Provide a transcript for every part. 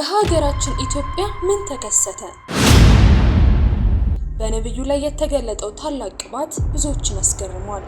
በሀገራችን ኢትዮጵያ ምን ተከሰተ? በነብዩ ላይ የተገለጠው ታላቅ ቅባት ብዙዎችን አስገርሟል።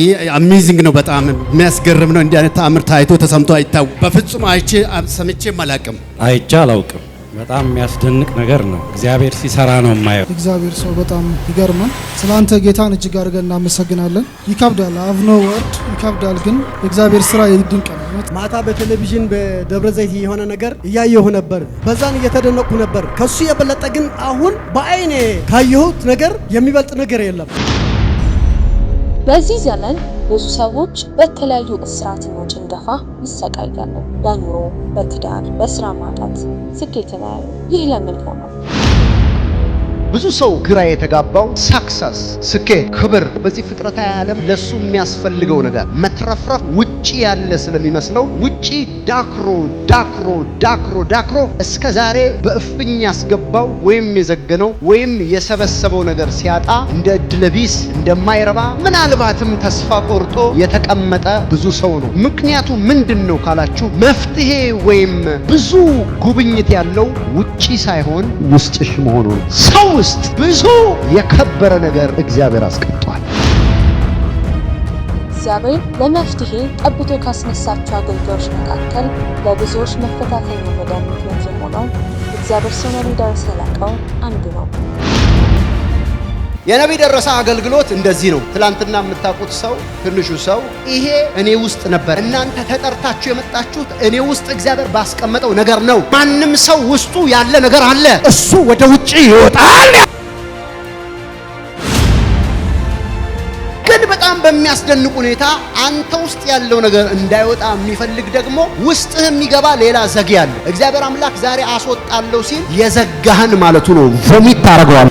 ይህ አሚዚንግ ነው። በጣም የሚያስገርም ነው። እንዲህ አይነት ተአምር ታይቶ ተሰምቶ አይታወቅም። በፍጹም አይቼ ሰምቼም አላቅም። አይቼ አላውቅም። በጣም የሚያስደንቅ ነገር ነው። እግዚአብሔር ሲሰራ ነው የማየው። እግዚአብሔር ሰው በጣም ይገርማል። ስለ አንተ ጌታን እጅግ አድርገን እናመሰግናለን። ይከብዳል፣ አብኖ ወርድ ይከብዳል፣ ግን እግዚአብሔር ስራ ድንቅ ነው። ማታ በቴሌቪዥን በደብረ ዘይት የሆነ ነገር እያየሁ ነበር። በዛን እየተደነቁ ነበር። ከሱ የበለጠ ግን አሁን በአይኔ ካየሁት ነገር የሚበልጥ ነገር የለም። በዚህ ዘመን ብዙ ሰዎች በተለያዩ እስራትና ጭንገፋ ይሰቃያሉ። ለኑሮ፣ በትዳር፣ በስራ ማጣት ስኬትን አያዩም። ይህ ለምን ሆነ? ብዙ ሰው ግራ የተጋባው ሳክሰስ፣ ስኬት፣ ክብር በዚህ ፍጥረታዊ ዓለም ለሱ የሚያስፈልገው ነገር መትረፍረፍ ውጪ ያለ ስለሚመስለው ውጪ ዳክሮ ዳክሮ ዳክሮ ዳክሮ እስከ ዛሬ በእፍኝ ያስገባው ወይም የዘገነው ወይም የሰበሰበው ነገር ሲያጣ እንደ እድለቢስ እንደማይረባ ምናልባትም ተስፋ ቆርጦ የተቀመጠ ብዙ ሰው ነው። ምክንያቱ ምንድን ነው ካላችሁ መፍትሄ ወይም ብዙ ጉብኝት ያለው ውጪ ሳይሆን ውስጥሽ መሆኑ ነው ሰው ውስጥ ብዙ የከበረ ነገር እግዚአብሔር አስቀምጧል። እግዚአብሔር ለመፍትሄ ጠብቶ ካስነሳቸው አገልጋዮች መካከል ለብዙዎች መፈታተኛ መድኃኒት የሆነው እግዚአብሔር ስሙ ይደረስ የላቀው አንዱ ነው። የነቢይ ደረሰ አገልግሎት እንደዚህ ነው። ትላንትና የምታውቁት ሰው ትንሹ ሰው ይሄ እኔ ውስጥ ነበር። እናንተ ተጠርታችሁ የመጣችሁት እኔ ውስጥ እግዚአብሔር ባስቀመጠው ነገር ነው። ማንም ሰው ውስጡ ያለ ነገር አለ፣ እሱ ወደ ውጭ ይወጣል። በጣም በሚያስደንቅ ሁኔታ አንተ ውስጥ ያለው ነገር እንዳይወጣ የሚፈልግ ደግሞ ውስጥህ የሚገባ ሌላ ዘግ ያለ እግዚአብሔር አምላክ ዛሬ አስወጣለሁ ሲል የዘጋህን ማለቱ ነው። ቮሚት ታደርገዋል።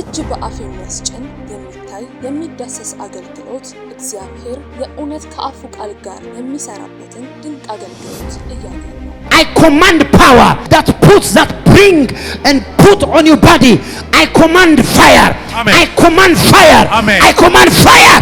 እጅ በአፍ የሚያስጭን የሚታይ የሚዳሰስ አገልግሎት እግዚአብሔር የእውነት ከአፉ ቃል ጋር የሚሰራበትን ድንቅ አገልግሎት እያየ ነው። አይ ኮማንድ ፓወር ዳት ፑት ዛት ብሪንግ ኤንድ ፑት ኦን ዩ ባዲ አይ ኮማንድ ፋየር አይ ኮማንድ ፋየር አይ ኮማንድ ፋየር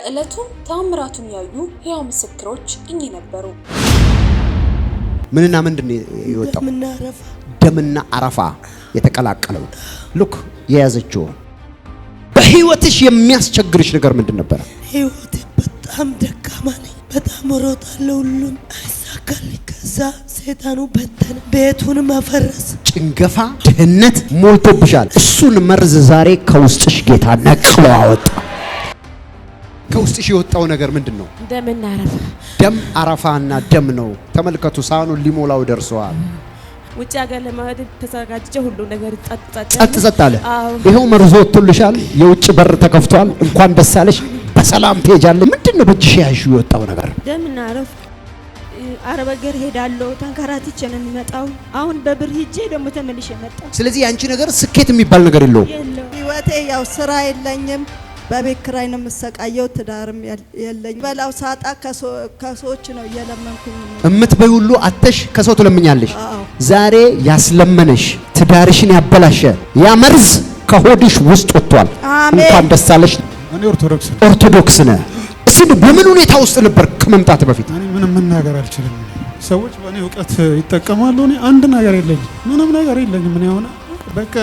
በዕለቱ ተአምራቱን ያዩ ሕያው ምስክሮች እኚህ ነበሩ። ምንና ምንድን የወጣው ደምና አረፋ የተቀላቀለው ሉክ የያዘችው በህይወትሽ የሚያስቸግርሽ ነገር ምንድን ነበረ? ህይወቴ በጣም ደካማ ነኝ። በጣም ሮጣለሁ፣ ሁሉን አይሳካልኝ። ከዛ ሰይጣኑ በተን ቤቱን መፈረስ፣ ጭንገፋ፣ ድህነት ሞልቶብሻል። እሱን መርዝ ዛሬ ከውስጥሽ ጌታ ነቅሎ አወጣ። ከውስጥሽ የወጣው ነገር ምንድን ነው? ደምና አረፋ ደም አረፋና ደም ነው። ተመልከቱ፣ ሳህኑን ሊሞላው ደርሰዋል። ውጭ ሀገር ለማሄድ ተዘጋጅቼ ሁሉ ነገር ጸጥ ጸጥ አለ። ይኸው መርዞ ወጥቶልሻል። የውጭ በር ተከፍቷል። እንኳን ደስ አለሽ። በሰላም ትሄጃለሽ። ምንድን ነው በእጅሽ ያዥው የወጣው ነገር? አረፋ አረብ ሀገር ሄዳለሁ። ተንከራትቼ ነው የሚመጣው። አሁን በብር ሂጄ ደግሞ ተመልሼ መጣሁ። ስለዚህ ያንቺ ነገር ስኬት የሚባል ነገር የለውም። ህይወቴ ያው ስራ የለኝም በቤት ኪራይ ነው የምሰቃየው። ትዳርም የለኝ በላው ሳጣ ከሰዎች ነው እየለመንኩኝ። እምትበይ ሁሉ አተሽ ከሰው ትለምኛለሽ። ዛሬ ያስለመነሽ ትዳርሽን ያበላሸ ያ መርዝ ከሆድሽ ውስጥ ወጥቷል። እንኳን ደስ አለሽ። እኔ ኦርቶዶክስ ነኝ። ኦርቶዶክስ ነህ? እስኪ በምን ሁኔታ ውስጥ ነበር ከመምጣት በፊት? እኔ ምንም መናገር አልችልም። ሰዎች በእኔ እውቀት ይጠቀማሉ። እኔ አንድ ነገር የለኝም፣ ምንም ነገር የለኝም። ምን ሆነ በቃ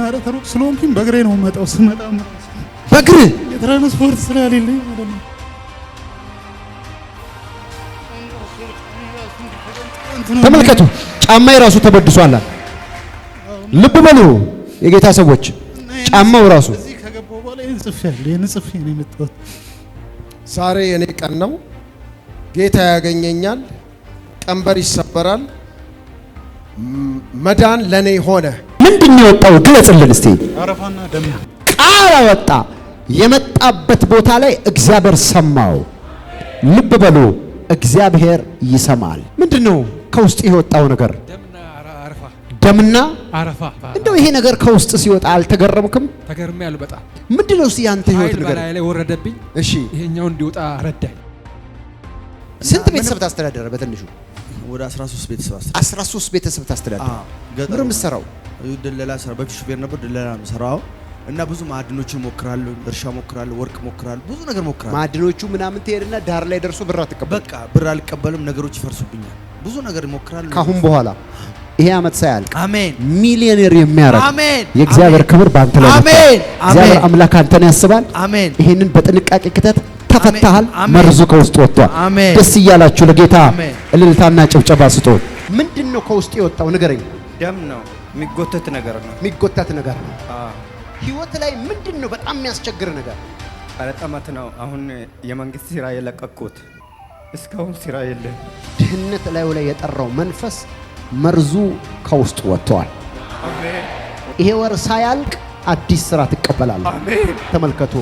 ማለት ሩቅ ስለሆንኩኝ በእግሬ ነው መጣው። ስመጣ በእግር የትራንስፖርት ስለሌለኝ ማለት ነው። ተመልከቱ፣ ጫማ የራሱ ተበድሷል። ልብ በሉ የጌታ ሰዎች፣ ጫማው ራሱ ዛሬ የኔ ቀን ነው። ጌታ ያገኘኛል። ቀንበር ይሰበራል። መዳን ለኔ ሆነ። ምንድን የወጣው? ግለጽልን እስቲ። ቃል አወጣ። የመጣበት ቦታ ላይ እግዚአብሔር ሰማው። ልብ በሉ፣ እግዚአብሔር ይሰማል። ምንድን ነው ከውስጥ የወጣው ነገር? ደምና አረፋ። እንደው ይሄ ነገር ከውስጥ ሲወጣ አልተገረምክም? ተገርሜያለሁ በጣም። ምንድን ነው ያንተ ህይወት ነገር ላይ ወረደብኝ። እሺ፣ ይሄኛው እንዲወጣ ረዳኝ። ስንት ቤተሰብ ታስተዳደረ በትንሹ? ወደ 13 ቤተሰብ አስተዳደር 13 ቤተሰብ ታስተዳደር። ምንም ሰራው ደለላ ሰራ። በፊት ሹፌር ነበር፣ ደለላ ነው ሰራው። እና ብዙ ማዕድኖችን ሞክራለሁ፣ እርሻ ሞክራለሁ፣ ወርቅ ሞክራለሁ፣ ብዙ ነገር ሞክራለሁ። ማዕድኖቹ ምናምን ትሄድና ዳር ላይ ደርሶ ብር አትቀበል። በቃ ብር አልቀበልም፣ ነገሮች ይፈርሱብኛል። ብዙ ነገር ሞክራለሁ። ካሁን በኋላ ይሄ ዓመት ሳያልቅ አሜን፣ ሚሊዮኔር የሚያደርግ አሜን። የእግዚአብሔር ክብር ባንተ ላይ አሜን። እግዚአብሔር አምላክ አንተን ያስባል። አሜን። ይሄንን በጥንቃቄ ክተት። ተፈታሃል። መርዙ ከውስጥ ወጥቷል። ደስ እያላችሁ ለጌታ እልልታና ጭብጨባ ስጡ። ምንድን ነው ከውስጥ የወጣው ንገረኝ። ደም ነው። የሚጎተት ነገር ነው። የሚጎተት ነገር ነው። ህይወት ላይ ምንድን ነው በጣም የሚያስቸግር ነገር? ጠመት ነው። አሁን የመንግስት ስራ የለቀቅኩት እስካሁን ስራ የለም። ድህነት ላዩ ላይ የጠራው መንፈስ መርዙ ከውስጥ ወጥቷል። ይሄ ወር ሳያልቅ አዲስ ስራ ትቀበላለህ። ተመልከቱ፣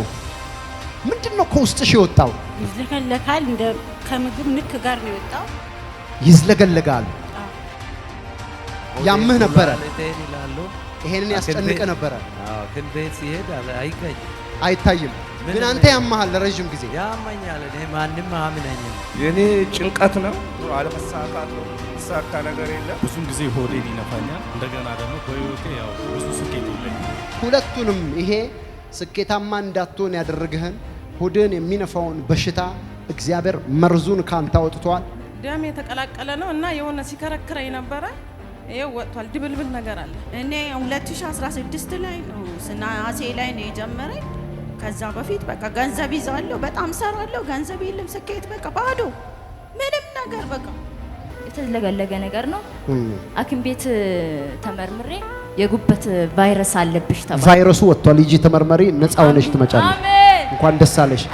ምንድን ነው ከውስጥሽ የወጣው? ይዝለገለጋል። እንደ ከምግብ ንክ ጋር ነው የወጣው። ይዝለገለጋል። ያምህ ነበረ፣ ይሄንን ያስጨንቅ ነበረ፣ ግን ቤት ሲሄድ አይታይም ግን አንተ ያመሃል ለረዥም ጊዜ ያመኛል። እኔ ማንም አምነኝ የኔ ጭንቀት ነው አለመሳካት ነው። ሳካ ነገር የለም። ብዙም ጊዜ ሆዴን ይነፋኛል። እንደገና ደግሞ በህይወቴ ያው ብዙ ስኬት የለኝ። ሁለቱንም ይሄ ስኬታማ እንዳትሆን ያደረግህን ሆድን የሚነፋውን በሽታ እግዚአብሔር መርዙን ካንተ አውጥቷል። ደም የተቀላቀለ ነው እና የሆነ ሲከረክረኝ ነበረ። ይኸው ወጥቷል። ድብልብል ነገር አለ። እኔ 2016 ላይ ነው ስናሴ ላይ ነው የጀመረኝ ከዛ በፊት በቃ ገንዘብ ይዛለሁ፣ በጣም ሰራለሁ፣ ገንዘብ የለም፣ ስኬት በቃ ባዶ ምንም ነገር በቃ የተለገለገ ነገር ነው። ሐኪም ቤት ተመርምሬ የጉበት ቫይረስ አለብሽ ተባለ። ቫይረሱ ወጥቷል። ልጅ ተመርመሪ፣ ነፃ ሆነሽ ትመጫለሽ። እንኳን ደስ አለሽ።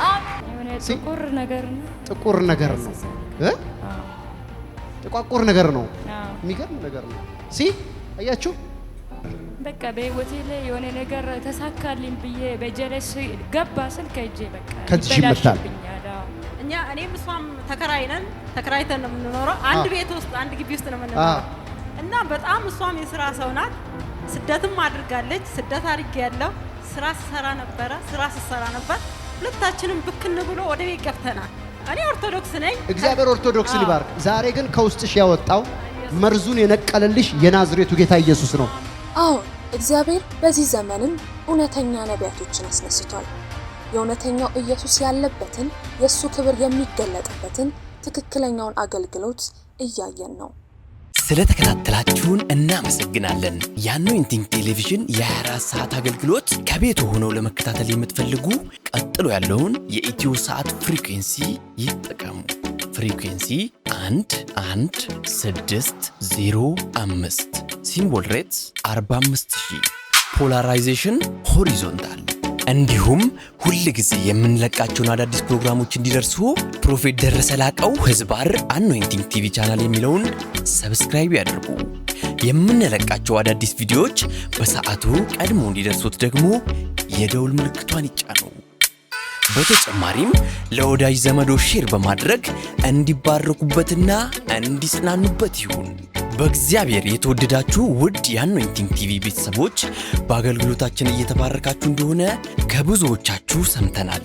ጥቁር ነገር ነው፣ ጥቁር ነገር ነው፣ ጥቋቁር ነገር ነው፣ የሚገርም ነገር ነው። ሲ አያችሁ በቃ በህይወቴ ላይ የሆነ ነገር ተሳካልኝ ብዬ በጀለስ ገባ ስል ከእጄ በቃ ይመታል። እኛ እኔም እሷም ነን። ተከራይተን ነው የምንኖረው። አንድ ቤት ውስጥ አንድ ግቢ ውስጥ ነው የምንኖረው እና በጣም እሷም የስራ ሰው ናት። ስደትም አድርጋለች። ስደት አድርጌ ያለው ስራ ስሰራ ነበረ ስራ ስሰራ ነበር። ሁለታችንም ብክን ብሎ ወደ ቤት ገብተናል። እኔ ኦርቶዶክስ ነኝ። እግዚአብሔር ኦርቶዶክስ ሊባርክ። ዛሬ ግን ከውስጥሽ ያወጣው መርዙን የነቀለልሽ የናዝሬቱ ጌታ ኢየሱስ ነው። አዎ እግዚአብሔር በዚህ ዘመንም እውነተኛ ነቢያቶችን አስነስቷል። የእውነተኛው ኢየሱስ ያለበትን የእሱ ክብር የሚገለጥበትን ትክክለኛውን አገልግሎት እያየን ነው። ስለተከታተላችሁን እናመሰግናለን። የአኖይንቲንግ ቴሌቪዥን የ24 ሰዓት አገልግሎት ከቤት ሆነው ለመከታተል የምትፈልጉ ቀጥሎ ያለውን የኢትዮ ሰዓት ፍሪኩንሲ ይጠቀሙ። ፍሪኩንሲ አንድ አንድ ስድስት ዜሮ አምስት ሲምቦል ሬትስ 45000 ፖላራይዜሽን ሆሪዞንታል። እንዲሁም ሁል ጊዜ የምንለቃቸውን አዳዲስ ፕሮግራሞች እንዲደርሱ ፕሮፌት ደረሰ ላቀው ህዝባር አኖይንቲንግ ቲቪ ቻናል የሚለውን ሰብስክራይብ ያድርጉ። የምንለቃቸው አዳዲስ ቪዲዮዎች በሰዓቱ ቀድሞ እንዲደርሱት ደግሞ የደውል ምልክቷን ይጫኑ። በተጨማሪም ለወዳጅ ዘመዶ ሼር በማድረግ እንዲባረኩበትና እንዲጽናኑበት ይሁን። በእግዚአብሔር የተወደዳችሁ ውድ የአኖይንቲንግ ቲቪ ቤተሰቦች በአገልግሎታችን እየተባረካችሁ እንደሆነ ከብዙዎቻችሁ ሰምተናል።